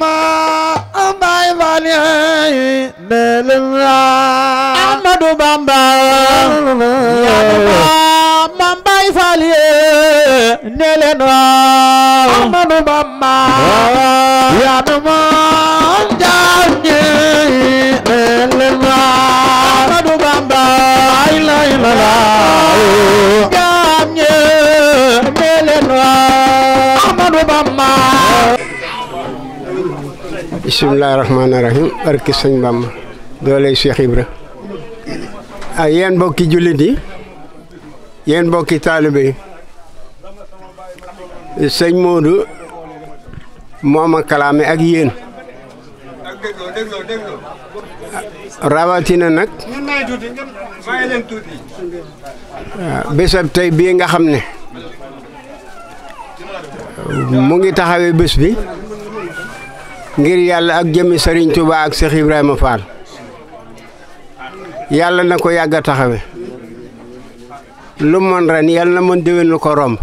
ma mbaay faale melin la Ahmadu Bamba ma mbaay faale nelen la Ahmadu Bamba yaanu ma jaani melin la Ahmadu Bamba ay la la la jaani melin la Ahmadu Bamba Bismillahirrahmanirrahim. rahmaani rahim barki sëñ Bàmba dooley Cheikh Ibra ay ah, yeen bokki julidi yeen bokki mbokki taalibe Modou moma kalamé ak yeen rawatina nak waaw tay bi nga xamné mo ngi taxawé bi ngir yàlla ak jëmmi Serigne Touba ak Cheikh Ibrahima Fall yàlla na ko yàgg a taxawe lu mën ren yàlla na mën déwén ko romb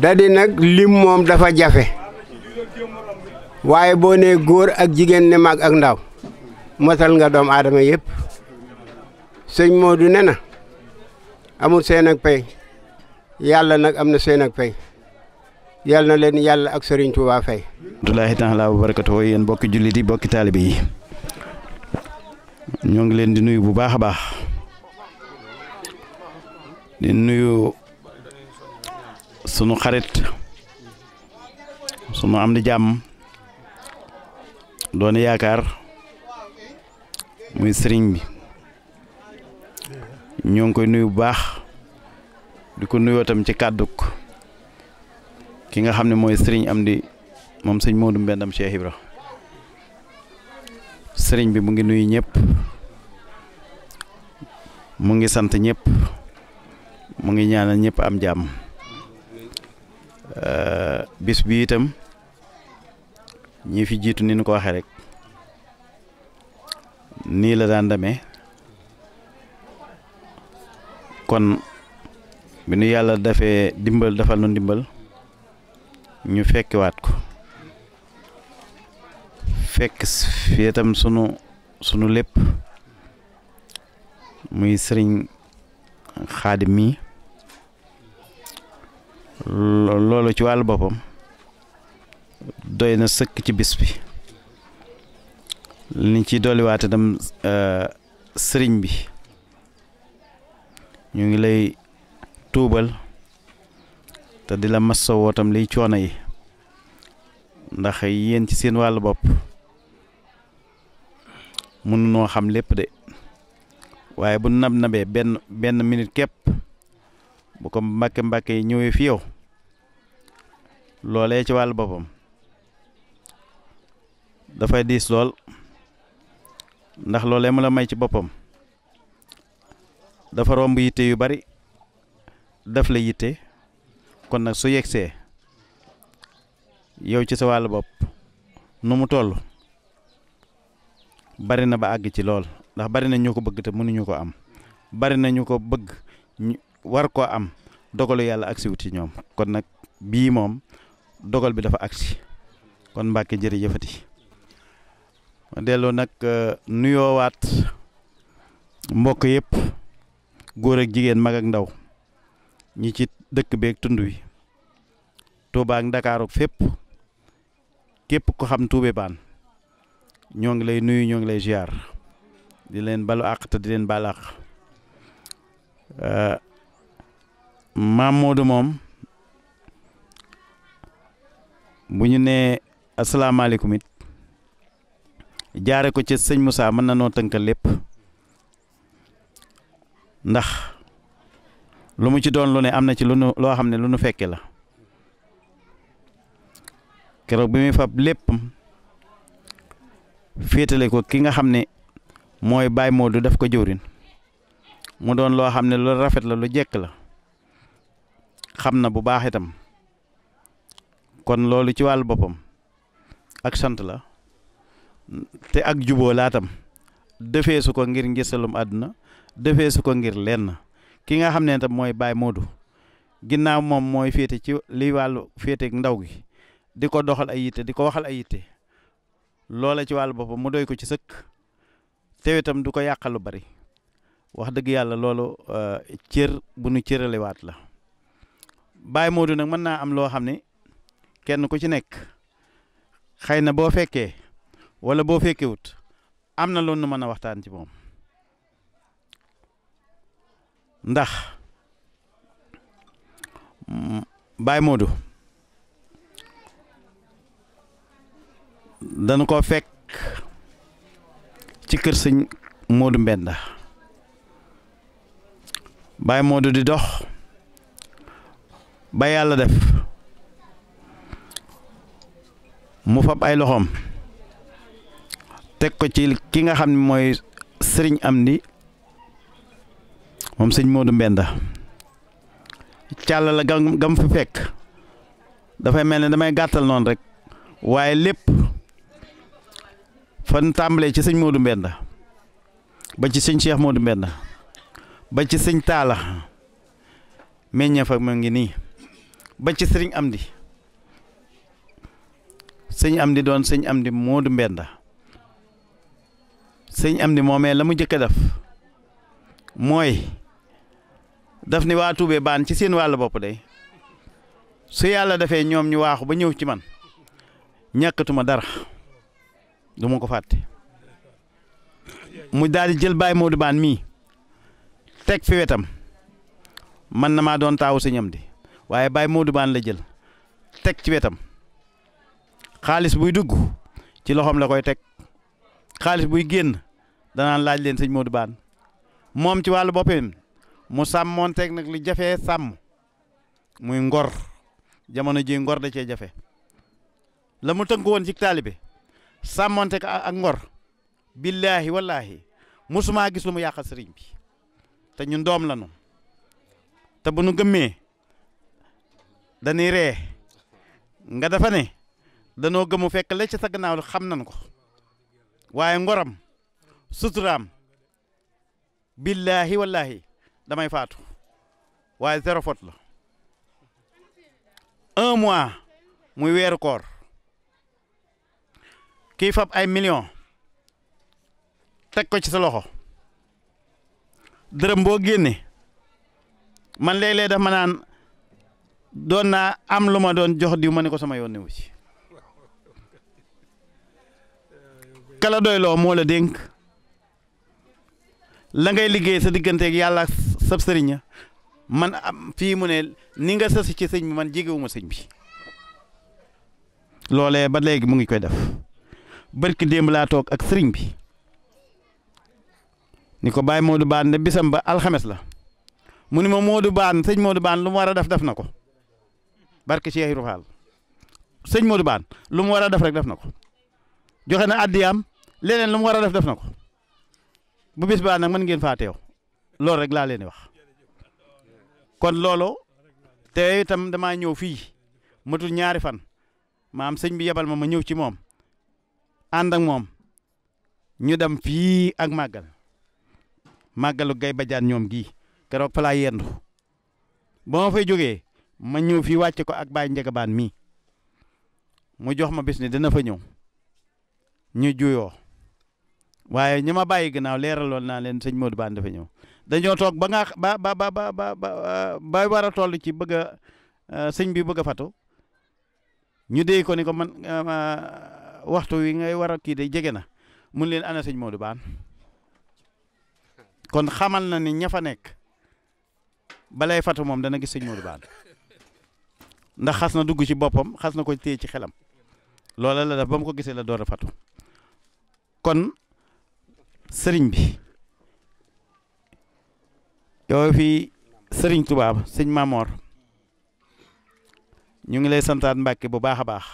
dadi nag lim moom dafa jafe waaye boo nee góor ak jigéen ne mag ak ndaw motal nga doom aadama yépp sëñ Modou ne na amul seen ak pay yàlla nag am na seen ak pay yàlla na leen yàlla ak sëriñ Touba fay. rahmatullaahi taala wa barakatuh yéen mbokki jullit yi mbokki yi ñoo ngi leen di nuyu bu baax a baax di nuyu sunu xarit sunu am di jàmm doon yaakaar muy sëriñ bi ñoo ngi koy nuyu bu baax di ko nuyoo tam ci kàdduk ki nga xamne moy serigne amdi am di Modou Mbendam Cheikh ibrah serigne bi mu ngi nuyu ñep mu ngi sante ñep mu ngi ñaanal ñep am euh bis bi itam ñi fi jitu ni ñu ko waxe rek ni la daan demee kon bi nu yàlla dimbal defal nu dimbal ñu fekkiwaat ko fekk fi itam sunu sunu lépp muy sëriñ xaadim mi loolu ci wàllu boppam doy na sëkk ci bis bi li ci dolliwaat itam euh, sëriñ bi ñu ngi lay tuubal te di la massawoo tam liy coono yi ndax yéen ci seen wàllu bopp mënunoo xam lépp de waaye bu nab nabee benn minute képp bu ko mbàkke mbàkke yi ñëwee fi yow loolee ci wàllu boppam dafay diis lool ndax loolee mu la may ci boppam dafa romb yitte yu bari daf la yitte kon nag su yegsee yow ci sa wàllu bopp nu mu toll bari na ba àgg ci lool ndax bari na ñu ko bëgg te mënuñu ko am bari na ñu ko bëgg war koo am dogalu yàlla agsi wut ci ñoom kon nag bii moom dogal bi dafa agsi kon Mbàkke jërëjëfati delloo nag euh, nuyoowaat mbokk yépp góor ak jigéen mag ak ndaw ñi ci dëkk beek tund wi Touba ak Ndakaaru fépp képp ko xam Toubé Bane ñoo ngi lay nuyu ñoo ngi lay ziar di leen balu àq te di leen baal àq euh, maam Modou moom bu ñu nee asalaamaaleykum it jaare ko ca sëñ Moussa mën na noo tënkal lépp ndax. lu mu ci doon lu ne am na ci lu nu loo xam ne lu nu fekke la keroog bi muy fab lépp féetale ko ki nga xam ne mooy Baye Modou daf ko jëwrin mu doon loo xam ne lu rafet la lu jekk la xam na bu baax itam kon loolu ci wàllu boppam ak sant la te ak juboo laatam defee su ko ngir ngisalum àdduna defee su ko ngir leen na ki nga xam ne tam mooy Baye Modou ginnaaw moom mooy féete ci liy wàllu féete ndaw gi di ko doxal ay yitte di ko waxal ay yitte loola ci wàllu boppam mu doy ko ci sëkk teew itam du ko yàqal lu bari wax dëgg yàlla loolu euh, cër bu nu cëralewaat la Baye Modou nag mën naa am loo xam ne kenn ku ci nekk xëy na boo fekkee wala boo fekkewut am na loolu nu mën a waxtaan ci moom. ndax baay Modou dañ koo fekk ci kër sëñ Modou Mbenda Baye Modou di dox ba yàlla def mu fab ay loxoom teg ko ci ki nga xam ni mooy sëriñ Amdi moom sëñ Modou Mbenda càll la gam gam fi fekk dafay mel ne damay gàttal noonu rek waaye lépp fan tàmbalee ci sëñ Modou Mbenda ba ci sëñ Cheikh Modou Mbenda ba ci sëñ Taala meññeef ak ma ngi nii ba ci sëriñ Amdi sëñ Amdi doon sëñ Amdi Modou Mbenda sëñ Amdi moomee la mu jëkk a def mooy daf ne waa Toubé baan ci seen wàll bopp day su yàlla defee ñoom ñu waaxu ba ñëw ci man ñàkkatuma dara duma ko fàtte mu daal jël Baye moodu Baan mii teg fi wetam man na maa doon taawu sëñam di waaye Baye Modou Baan la jël teg ci wetam xaalis buy dugg ci loxoom la koy teg xaalis buy génn danaan laaj leen sëñ Modou Baan moom ci wàllu boppam mu teg nag li jafe sàmm muy ngor jamono ji ngor da cee jafe la mu tënku woon ci taalibe sàmmoonteeg ak ngor billaahi wallaahi musumaa gis lu mu yàqal sëriñ bi te ñu ndoom la ñu te bu nu gëmmee dañuy ree nga dafa ne danoo gëmu fekk la ci sa gannaaw xam nan ko waaye ngoram suturaam billaahi wallaahi damay faatu waye zéro faute la un mois muy wéru koor kii fab ay million teg ko ci sa loxo dërëm boo génne man léeg-léeg dama naan am lu ma doon jox diw ma ko sama yoon newu ci kala doy loo moo la dénk la ngay liggéey sa digganteeg yàlla sab sëriñ man am fii mu ne ni nga sës ci sëñ bi man jegewuma sëñ bi loolee ba léegi mu ngi koy def barki démb laa toog ak sëriñ bi ni ko bàyyi Modou Baan ne bisam ba alxemes la mu ni moom Modou Baan sëñ Modou Baan lu mu war a def def na ko barki Cheikh Ibra Fall lu mu war a def rek def na ko joxe na addiyaam leneen lu mu war a def def na ko bu bis baa nag mën ngeen faa teew loolu rek laa leen di wax kon loolu te itam damaa ñëw fii matul ñaari fan maam sëñ bi yebal ma ma ñëw ci moom ànd ak moom ñu dem fii ak màggal màggalu gay bajaan ñoom gii keroog fa yendu ba ma fay jógee ma ñëw fii wàcce ko ak baay njegabaan mii mu jox ma bis ni dina fa ñëw ñu juyoo waaye ñu ma bàyyi gannaaw leeraloon naa leen sëñ Modou Bane dafa ñëw dañoo toog ba nga ba ba ba ba ba ba war a toll ci bëgg euh, sëñ bi bëgg a fatu ñu déy ko ni ko man euh, waxtu wi ngay war a kii de jege na mun leen ana sëñ Modou Baan kon xamal na ni ña nekk balay fatu moom dana gis sëñ Modou Baan ndax xas na dugg ci boppam xas na ko téye ci xelam loola la def ba mu ko gisee la door a fatu kon sëriñ bi yow fii sëriñ Tuubaa sëñ Maamoor ñu ngi lay santaat Mbàkke bu baax a baax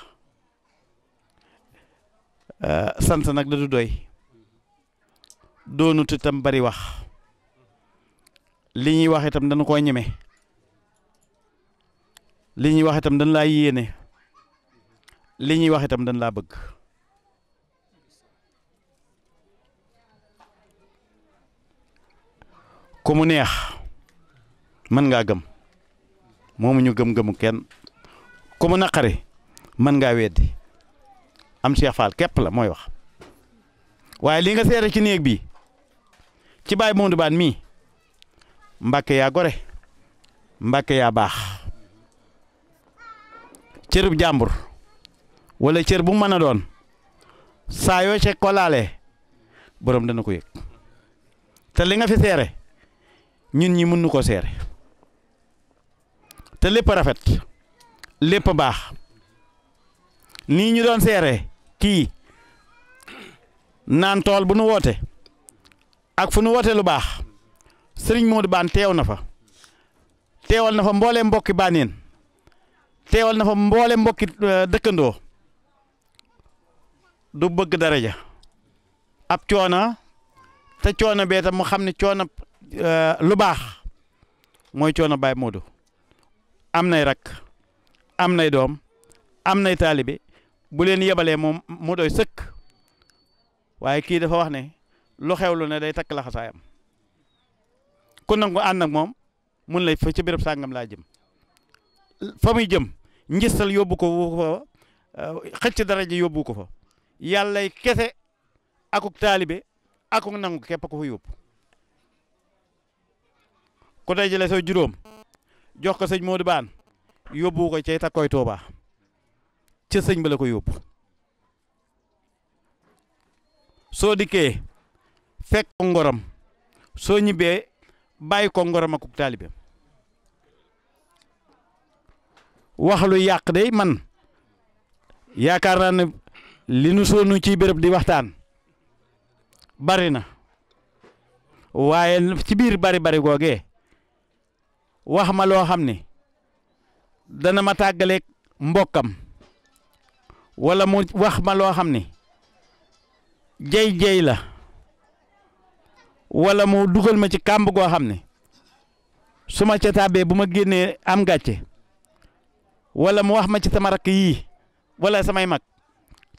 euh, sant nag da doy doonut itam bari wax li ñuy wax itam dañu koo ñeme li ñuy wax itam dañ laa yéene li ñuy wax itam dañ laa bëgg ku mu neex mën ngaa gëm moomu ñu gëm-gëmu kenn ku mu naqari mën ngaa weddi am Cheikh Fall képp la mooy wax waaye li nga seere ci néeg bi ci Baye Modou Bane mii Mbàkke yaa gore Mbàkke yaa baax bu jàmbur walla cër bu mën a doon saa yoo ce ko laalee dana ko yëg te li nga fi seere ñun ñi mën nu ko seere te lépp rafet lépp baax nii ñu doon seere kii naan tool bu nu woote ak fu nu woote lu baax sëriñ Modou Baan teew na fa teewal na fa mboole mbokki baaneen teewal na fa mboole mbokki euh, dëkkandoo du bëgg daraja ab coona te coona bee mu xam ne coona Euh, lu baax mooy coono Baye Modou am nay rakk am nay doom am nay taalibe bu leen yebalee moom mu doy sëkk waaye kii dafa wax ne lu xewlu ne day takk laxasaayam ku nangu ànd moom mun lay fa ci béréb sàngam laa jëm fa muy jëm njistal yóbbu ko fa euh, xëcc daraja yóbbu ko fo fa yàllay kese akuk taalibe akuk nangu képp ko fa yóbbu ku dajale sa juróom jox ko sëñ Modou ban yóbbu ko cay takkoy Touba ca sëñ ba la ko yóbbu soo dikkee fekk ko ngorom soo ñibbee bàyyi ko ngorom ak taalibeem wax lu yàq day man yaakaar naa ne li nu ci béréb di waxtaan bari na waaye ci bir bari bari wax ma loo xam ne dana ma tàggaleeg mbokkam wala mu wax ma loo xam ne jey-jey la walla mu dugal ma ci kàmb goo xam ne su ma ca tàbbee bu ma génnee am gàcce wala mu wax ma ci sama rakk yii wala samay mag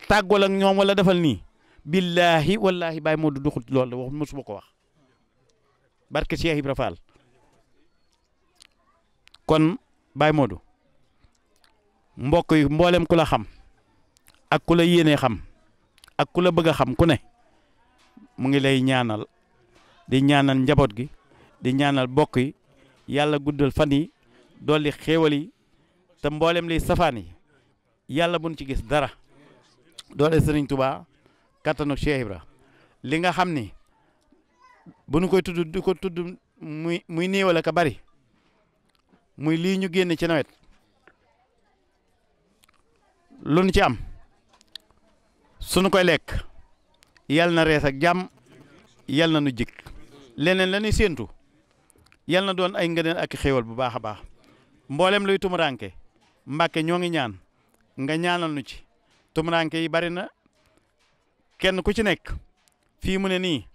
tàggol ak ñoom wala defal nii billaahi wallaahi bàyyi moo du duxut loolu wax mosuma ko wax barke Cheikh Ibra Fall kon bay Modou mbok yi mbollem kula xam ak kula yene xam ak kula bëgg xam ku ne mu ngi lay ñaanal di ñaanal njabot gi di ñaanal bokk yi yalla guddal fan yi dolli te mbollem li safani yalla buñ ci gis dara doli Serigne Touba katanu Cheikh Ibra li nga xam ni bu koy tuddu diko tuddu muy muy néewal ka bari muy lii ñu génne ci nawet lu nu ci am suñu koy lekk yal na rees ak jàmm yal nu jik leneen la ñuy séentu yal na doon ay ngëneel ak xéewal bu baax a baax mboolem luy tumuranke mbàkke ñoo ngi ñaan nga ñaanal nu ci tumuranke yi bari na kenn ku ci nekk fii mu ne nii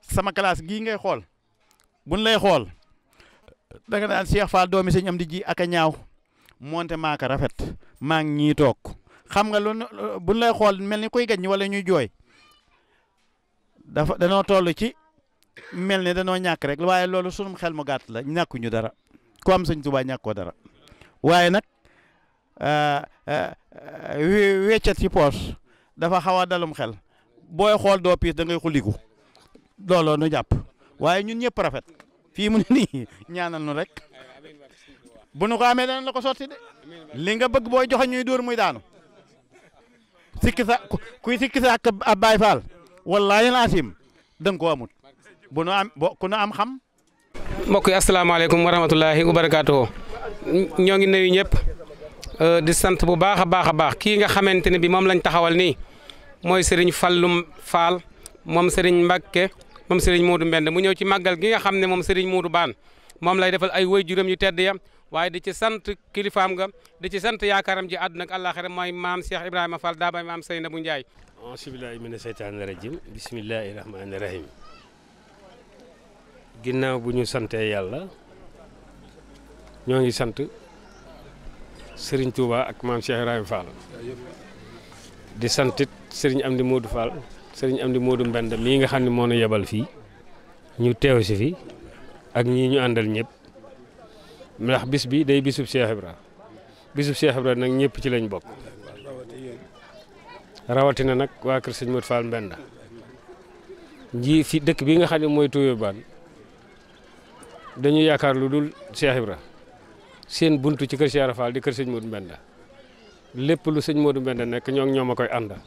sama classe gii ngay xool buñ lay xool da nga naan Cheikh Fall doomi sëñ am di ji ak a ñaaw moonte maaka rafet maa ngi ñii toog xam nga lu bu lay xool mel ni kuy gañ wala ñuy jooy dafa danoo toll ci mel ni danoo ñàkk rek waaye loolu sunum xel mu gàtt la ñàkkuñu dara ku am sëñ Tuubaa ñàkkoo dara waaye nag euh, euh, weccat ci poos dafa xaw a dalum xel booy xool doo piis da ngay xuliku jàpp waaye ñun ñëpp rafet Fi mu ni ñaanal nu rek bu nu ko amee danañ la ko sorti de li nga bëgg boy joxe ñuy door muy daanu sikki sa kuy sikki sa ak ab Baay Faal wallaahi laasim amut bu nu am ku nu am xam. mbok yi alaykum wa rahmatullahi wa barakatuh ñogi neuy ñep euh di sante bu baaxa baaxa baax ki nga xamanteni bi mom lañ taxawal ni moy Serigne Fallum Fall mom Serigne Mbacke mom Serigne Modou Mbend mu ñew ci magal gi nga xamne mom Serigne Modou ban mom lay defal ay waajuram yu tedd ya waye di ci sante kilifaam ga di ci sante yaakaaram ji àdduna ak àllaaxira moy mam Cheikh Ibrahima Fall da bay maam Seynabou Ndiaye. auzu billaahi mina seytaani rajiim bismillaahi rahmaani rahiim ginnaaw bu buñu sante yalla ñoo ngi Serigne Touba ak mam Cheikh Ibrahima Fall di sante Serigne Amdi Modou Fall serigne Amdi Modou Mbend mi nga xamni mo moo yabal fi ñu teew ci fi ak ñi ñu andal ñep ndax bis bi day bisub Cheikh Ibra bisub Cheikh Ibra nak ñep ci lañ rawati na nak wa keur serigne Modou Fall Mbend ji fi dekk bi nga xamni moy mooy ban dañu yaakar lu dul Cheikh Ibra seen buntu ci keur Cheikh Ibra di keur serigne Modou Mbend lepp lu serigne Modou Mbend nekk ñok ñoma koy andal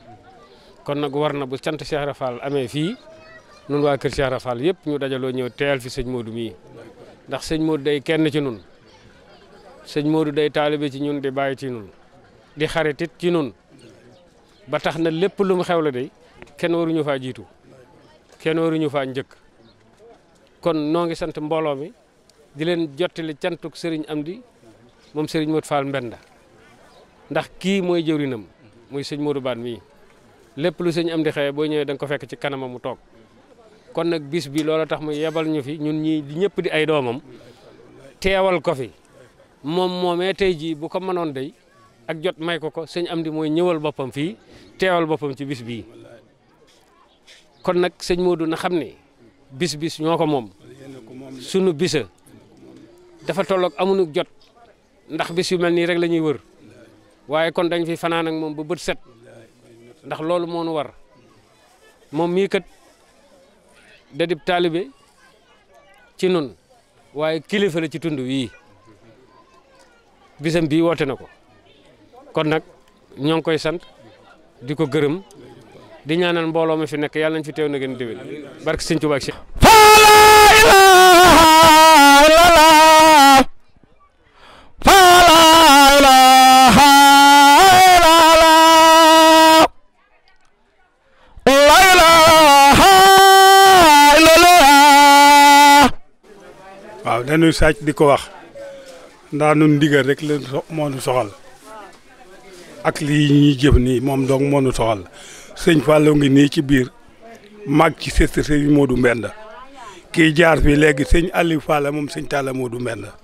kon nag war na bu sant Cheikh Rafal amee fii nun waa kër Cheikh Rafal yëpp ñu dajaloo ñëw teel fi sëñ moodu mii ndax sëñ Modou day kenn ci nun sëñ moodu day taalibe ci ñun di bàyyi ci ñun di xaritit ci ñun ba tax na lépp lu xew la day kenn waruñu faa jiitu kenn waruñu faa njëkk kon noo ngi sant mbooloo mi di leen jottali cantuk sëriñ Amdi moom sëriñ Modou Fall Mbenda ndax kii mooy jëwrinam mooy sëñ Modou Bane mii lepp lu sëñ am di xëye boo ñëwee da ko fekk ci kanam mu tok kon nak bis bi loolu tax mu yebal ñu fi ñun di ñëpp di ay domam teewal ko fi mom momé tay ji bu ko mënon day ak jot may ko ko am di mooy ñëwal boppam fi teewal boppam ci bis bi. kon nak sëñ Modou na xamni bis bis ñoko mom. suñu sunu bisa dafa tolloog amunu jot ndax bis yu melni rek lañuy wër waye kon dañ fi fanan ak mom bu beut set ndax loolu mo nu war mom mi kat dedib talibé ci nun waye kilifa la ci tundu wi bisam bi woté nako kon nak ñong koy sant diko ko di ñaanal mbolo ma fi nek yalla nañ fi tew na gën diwel barke touba Cheikh dañuy sàcc di ko wax ndaa nun ndigal rek la moo nu soxal ak lii ñuy jëf nii moom donc moo nu soxal sëñ Fallou ngi nii ci biir mag ci sëstu sëñ Modou Mbenda kii jaar fii léegi sëñ Aliou moom sëñ Talla Modou Mbenda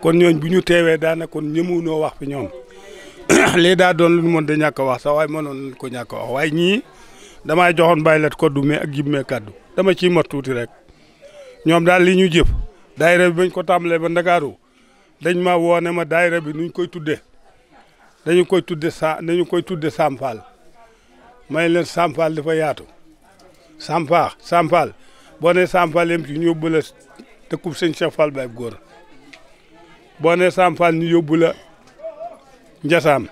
kon ñooñ bu ñu teewee daana kon ñëmunoo wax fi ñoom lii daa doon lu ñu mën da ñàkk wax sax waaye mënoon ko ñàkk wax waaye ñii damaa joxoon bàyyi ko du mais ak jib mee kaddu dama ci mot tuuti rek ñoom daal li ñu jëf daayira bi bañ ko tàmbalee ba ndakaaru dañ ma woone ma daayira bi nuñ koy tudde dañu koy tudde sa dañu koy tudde sampal may leen sampal dafa yaatu sampaax sampal boo nee sampal yem ci ñu yóbbu la dëkkub sëñ Cheikh Fall Baye góor boo nee sampal ñu yóbbu la njasaam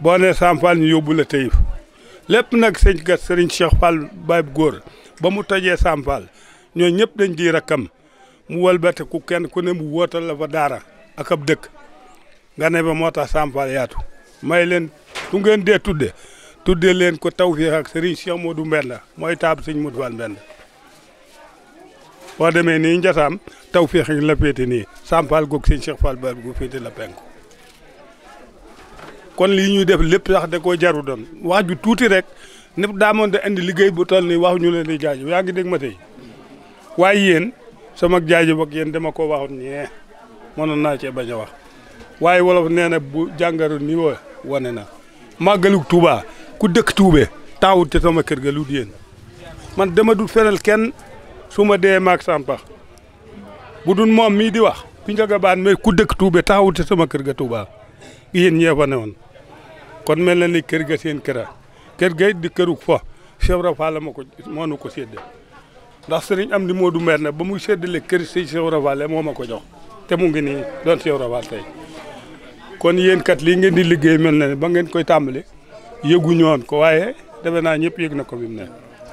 boo nee sampal ñu yóbbu la teyif lépp nag sëñ gat sëriñ Cheikh Fall Baye ba mu tojee sampal ñoo ñëpp dañ di rakkam mu wëlbate ku kenn ku ne mu wóotal la fa daara ak ab dëkk nga ne moo tax Sam Fall yaatu may leen ku ngeen de tudde tudde leen ko taw tawfeex ak Serigne Cheikh Modou la mooy taab Serigne Modou Fall Mbenda boo demee nii njasaam taw ak la féete nii Sam Fall goog Serigne Cheikh Fall ba gu féete la penku kon lii ñuy def lépp sax de ko jaru don wax ju tuuti rek ñëpp daa moon da indi liggéey bu toll nii wax ñu leen di jaaju yaa ngi dégg ma tey waaye yéen sama jaaji bokk yéen dema ko waxoon ñee eh, mënoon naa cee bañ a wax waaye wolof nee na bu jàngaru ni wa wane na màggalug Tuuba ku dëkk tuube taawut te sama kër ga lu man dama dul fenal kenn su ma dee maag sampax bu dun moom mii di wax fi njëkk a baan mais ku dëkk tuube taawut te sama kër ga Tuuba yéen ñee fa ne woon kon mel na ni kër ga seen këra kër ga di kërug fo chevre fa la ma ko moo nu ko séddee ndax sëriñ am di du Mer na ba muy séddale kër si Cheikh Ibra Fall moo ma ko jox te mu ngi nii doon Cheikh Ibra Fall tey kon yéen kat lii ngeen di liggéey mel na ne ba ngeen koy tàmbali yëgu ñoon ko waaye defe naa ñëpp yëg na ko bi mu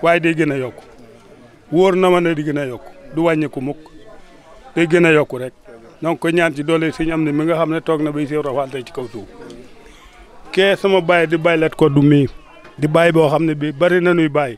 waaye day gën a yokku wóor na ma ne di gën a yokk du wàññeeku mukk day gën a yokk rek donc ko ñaan ci doole sëñ am ni mi nga xam ne toog na bay Cheikh Ibra tey ci kaw suuf kee sama bàyyi di bàyyi lat ko du mii di bàyyi boo xam ne bi bari na nuy bàyyi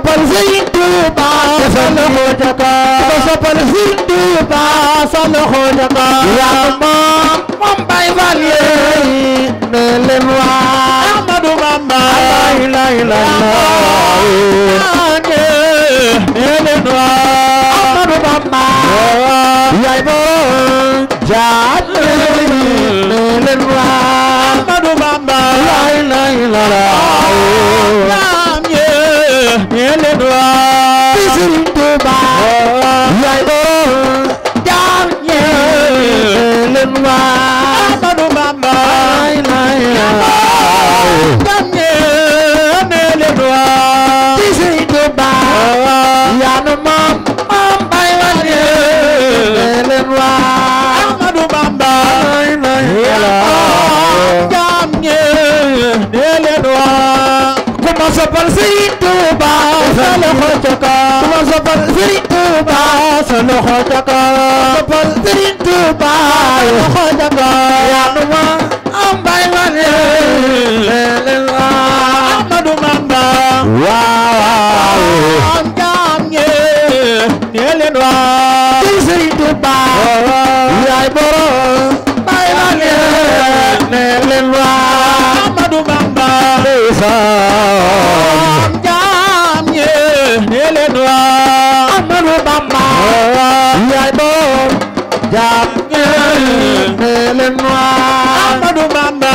soppal Sëriñ Tuuba defal na ko jaka ko soppal Sëriñ Tuuba sa loxo jaka yaa moom moom bay fal yi ne leen waa Ahmadu Bamba la ilaha illallah ne leen waa Ahmadu Bamba yaay moom jaat ne leen waa Ahmadu Bamba la ilaha illallah Serigne Touba sa loxo ca kaw Serigne Touba sa loxo ca kaw yaa nu ma am bay ma leen leen la Amadou Bamba waaw waaw am jaam ñe ne leen waaw Serigne Touba yaay borom bay ma leen ne leen waaw Amadou Bamba ndeysaan am jaam ñe ne leen waaw yaay borom jàmm ngeen ne leen waa Amadou Bamba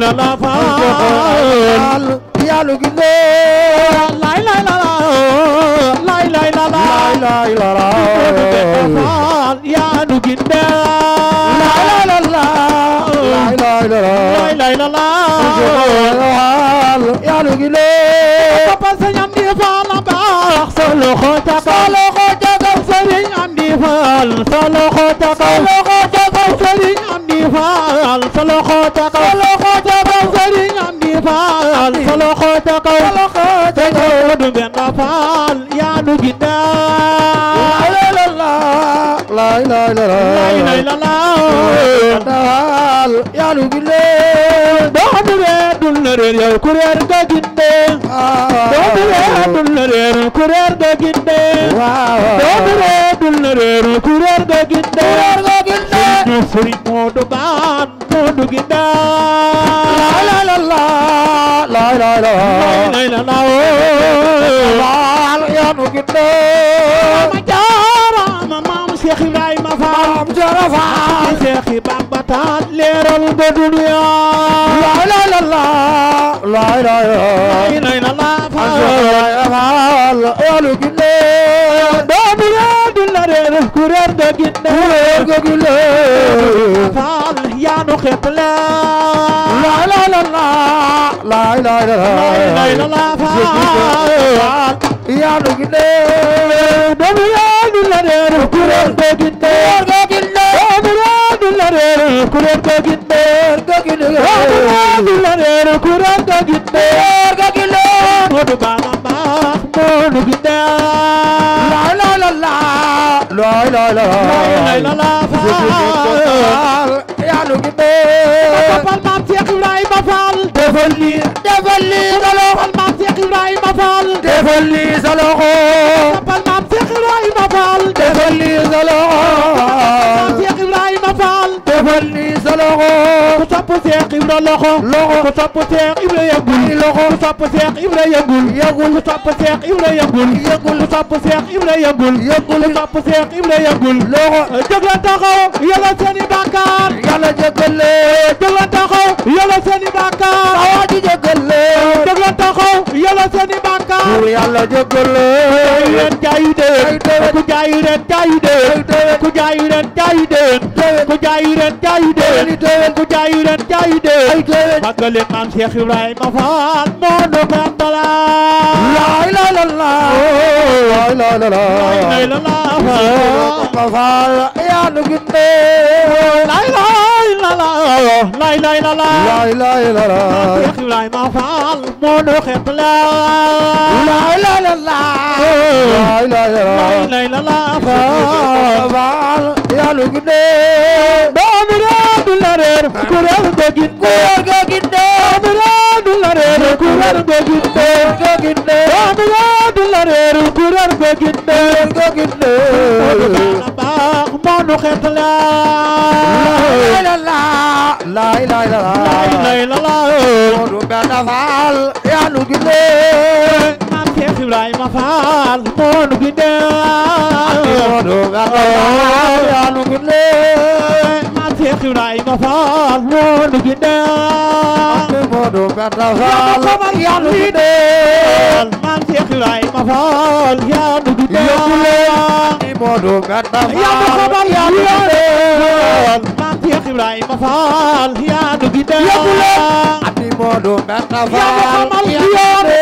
na la faal yàlla gi noo lay lay la la lay lay la la lay la la yàlla gi noo lay la la lay lay la la yàlla gi noo papa sëñ Amdi Fall a baax sa loxo ca kaw sa loxo ca kaw sëriñ Amdi Fall sa loxo ca kaw sa loxo ca kaw sëriñ Amdi Fall sa loxo ca kaw faal sa loxo ca kaw te kaw du benn faal yaa nu ginnaaw la ilaha illallah faal yaa nu ginnaaw doomu wee dul na réer yow kuréer ga ginnaaw doomu wee dul na réer kuréer ga ginnaaw doomu wee dul na réer kuréer ga ginnaaw sëriñ Moodu Baan Moodu ginnaaw لا لا لا لا لا يا نقد ما جارا ما مام شيخ ابراهيم فام جارا فام شيخ بابا تات ليرال بدنيا لا لا لا لا لا لا لا لا لا يا نقد دوبيا دلارين كورير دغين كورير دغين yaa nu xeeb la la la la la la la la la la faal yaa nu ginde doomu yaa nu la reer kuréel ko ginde doomu yaa nu la reer kuréel ko ginde doomu yaa nu la reer kuréel ko ginde moodu baana maax moodu ginde la la la la la la la la la faal Fallou gi defal maam Cheikh Ibrahima Fall defal lii defal lii sa loxo defal maam Cheikh defal ni sa loxo ku topp Seex Ibra loxo loxo ku topp Seex Ibra yëgul loxo ku topp Seex Ibra yëgul yëgul yëgul yëgul ku topp Seex Ibra yëgul yëgul yëgul loxo jóg leen taxaw yàlla seeni bàkkaar yàlla jéggal leen jóg leen taxaw seeni bàkkaar awaaji jéggal seeni bàkkaar buur yàlla jégal leen jaayu déen ku jaayu ren jaayu déen ku jaayu ren jaayu déen ku jaayu ren jaayu déen ku jaayu ren jaayu déen màggal maam Cheikh Ibrahima Fall moo nu gàndala laa ilaaha illallaah laa ilaaha illallaah Fall yaa nu gindee la la la ilaaha illa la la ilaaha illa la Cheikh Ibrahima Fall moo nu xet la la ilaaha illa la la ilaaha illa la Fall yaa lu gudde doomi raadu la reer ku reer go gin góor go gin doomi raadu la reer ku reer go gin góor go gin doomi raadu la reer ku reer go gin góor go gin nu xeet la la la la la la la Moodu Mbenda Faal yaa nu ginde maam Cheikh Ibrahima Faal moo nu ginde Moodu Mbenda Faal yaa nu ginde maam Cheikh Ibrahima Faal moo nu ginde Moodu Mbenda Faal yaa nu ginde maam Cheikh Ibrahima Faal yaa nu ginde Modou Ganda Fall yaa ma xamal yaa ma xamal maam Cheikh Ibrahima Fall yaa nu gindee ati Modou Ganda Fall yaa ma xamal yaa ma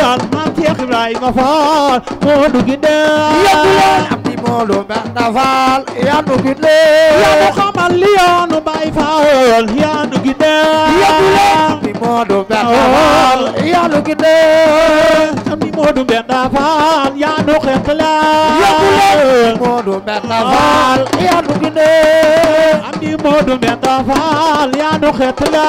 xamal maam Cheikh Ibrahima Fall moo nu gindee ati Modou Ganda Fall yaa nu gindee yaa ma xamal yaa nu Baye Fall yaa nu gindee ati Modou Ganda Fall yaa nu gindee ati Modou Ganda Fall yaa nu xeexla Modou Mbenda Fall yaa nu gindee Amdi Modou Mbenda Fall yaa nu xetla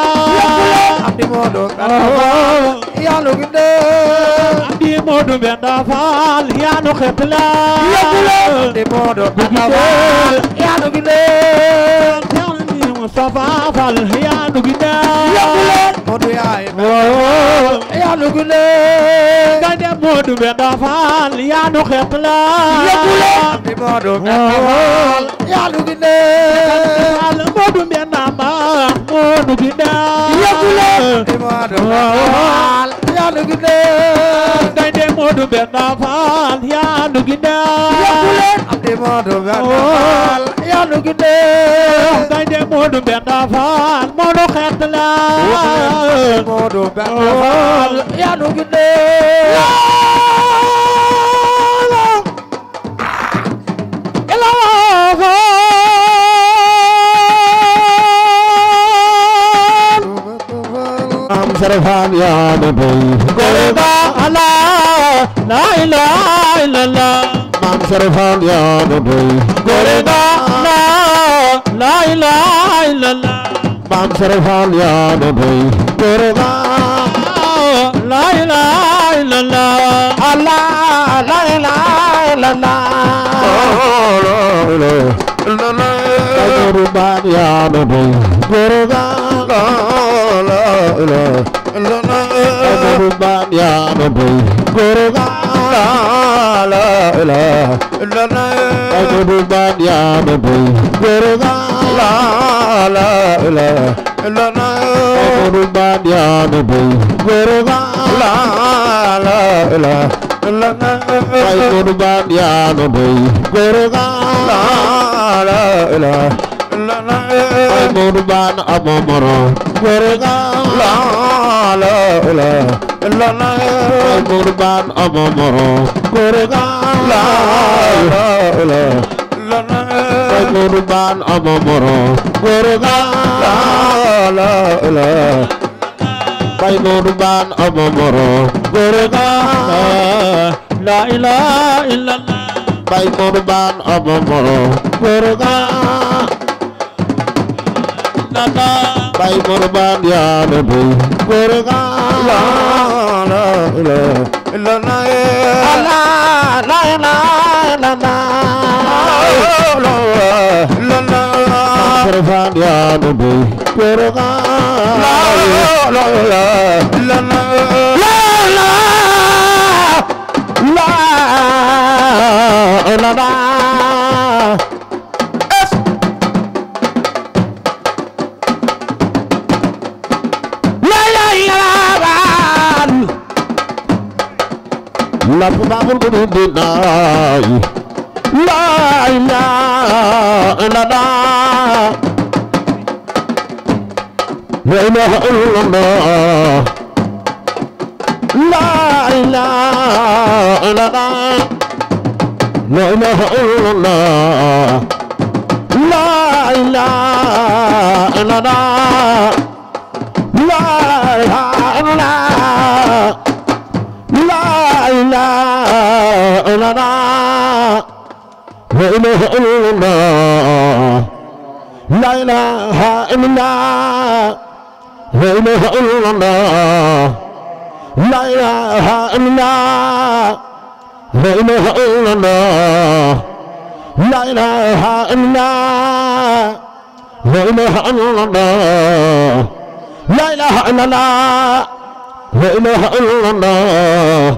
Amdi Modou Mbenda Fall yaa nu gindee Amdi Modou Mbenda Fall yaa nu xetla Amdi Modou Mbenda Fall yaa nu gindee Moustapha Fall yaa dugg ndee. yàgg leen Modou yaay. waaw yaa dugg ndee. gaynde Modou Mbenda Fall yaa nu xeet la. yàgg leen di Modou Mbenda Fall yaa dugg ndee. Fall Modou Mbenda ma moo dugg ndee. yàgg leen di Modou Mbenda Fall yaa dugg ndee. gaynde Modou Mbenda Fall yaa dugg ndee. Modou Mbenda oh, Fall yaa nu gindee gaynde Modou Mbenda Fall Modou xeet la Modou Mbenda oh, Fall yaa nu gindee am sarfan yaa nu bay gore ba ala la ilaha illallah sarfaan yaa ma doy gore naa laa ilaaha illallah maam sarfaan yaa ma doy gore naa laa ilaaha illallah allah laa ilaaha illallah gore baan yaa ma doy gore naa laa ilaaha illallah gore baan yaa ma doy gore naa لا لا إله إلا الله أجب من يا مبي جرغا لا لا إله إلا الله أجب من يا مبي جرغا لا لا إله إلا الله أجب من يا مبي جرغا لا لا إله إلا الله أجب من أبو مرو جرغا لا لا إله লনায় কুরবান অমর কুরবান লনায় কুরবান অমর কুরবান ভাই কুরবান অমর কুরবান লা ইলাহা ইল্লাল্লাহ ভাই কুরবান অমর কুরবান দাদা bay kurban ya nabi kurban la ilaha illa allah la ilaha illa allah kurban ya nabi kurban la ilaha illa allah la la la la la baabu du du daay la ilaha illa allah la ilaha illa allah la ilaha illa allah la ilaha illa allah la ilaha illa allah la ilaha إله لنا وإله إلا الله لا إله إلا الله وإله إلا الله لا إله إلا الله وإله إلا الله لا إله إلا الله وإله إلا الله لا إله إلا الله لا إله إلا الله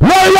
Why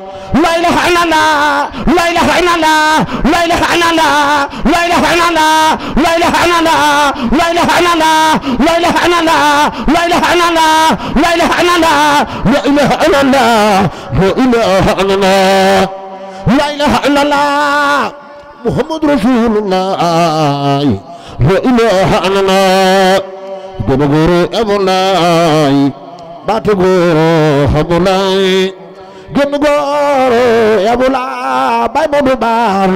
لا اله الا الله لا اله الا الله لا اله الا الله لا اله الا الله لا اله الا الله لا اله الا الله لا اله الا الله لا اله الا الله لا اله الا الله لا اله الا الله لا اله الا الله لا اله الا الله محمد رسول الله لا اله الا الله دمغور ابو الله باتغور ابو الله génn góor yabula bay Modou Baar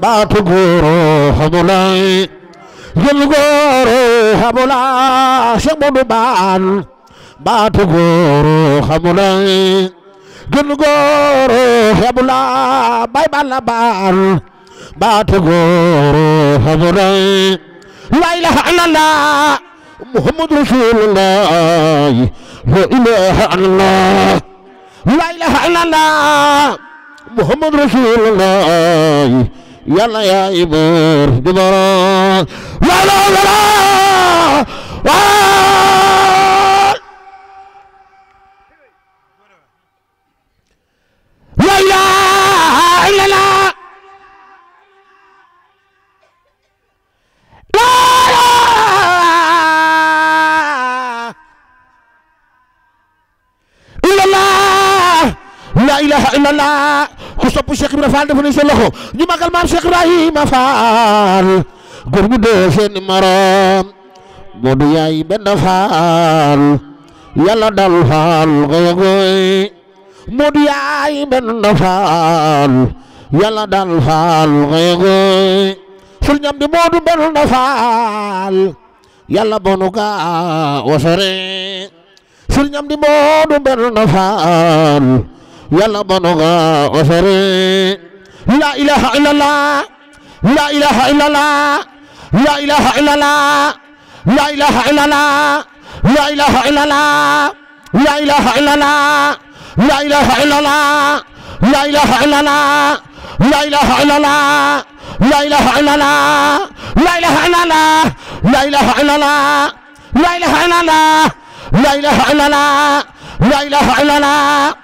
baatu góor xamulay génn góor yabula Cheikh Modou Baar baatu góor xamulay génn góor yabula bay Balla Baar baatu góor xamulay la ilaha illallah Muhammad Rasulullah la ilaha illallah la ilaha illallah muhammad rasulullah yàlla yaay buur di borom la la la la ilaha illallah ku sopp cheikh ibrahima fall defal sa loxo ñu magal maam cheikh ibrahima fall gor gu de sen maram modu yaay ben fall Yalla dal fall goy goy modu yaay ben fall yalla dal fall goy goy sul ñam di modu ben fall Yalla bonu ka wasare sul ñam di modu benn fall يلا بنغا غفري لا إله إلا الله لا إله إلا الله لا إله إلا الله لا إله إلا الله لا إله إلا الله لا إله إلا الله لا إله إلا الله لا إله إلا الله لا إله إلا الله لا إله إلا الله لا إله إلا الله لا إله إلا الله لا إله إلا الله لا إله إلا الله لا إله إلا الله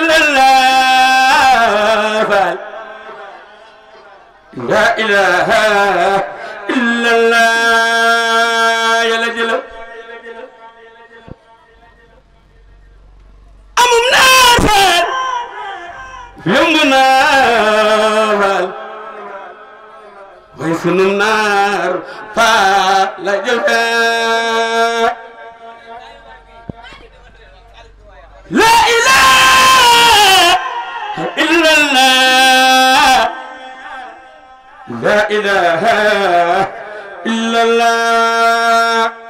لا إله إلا الله يا جلا أم منافر يمنا ويسن النار فلا جلا لا إله إلا الله لا إله إلا الله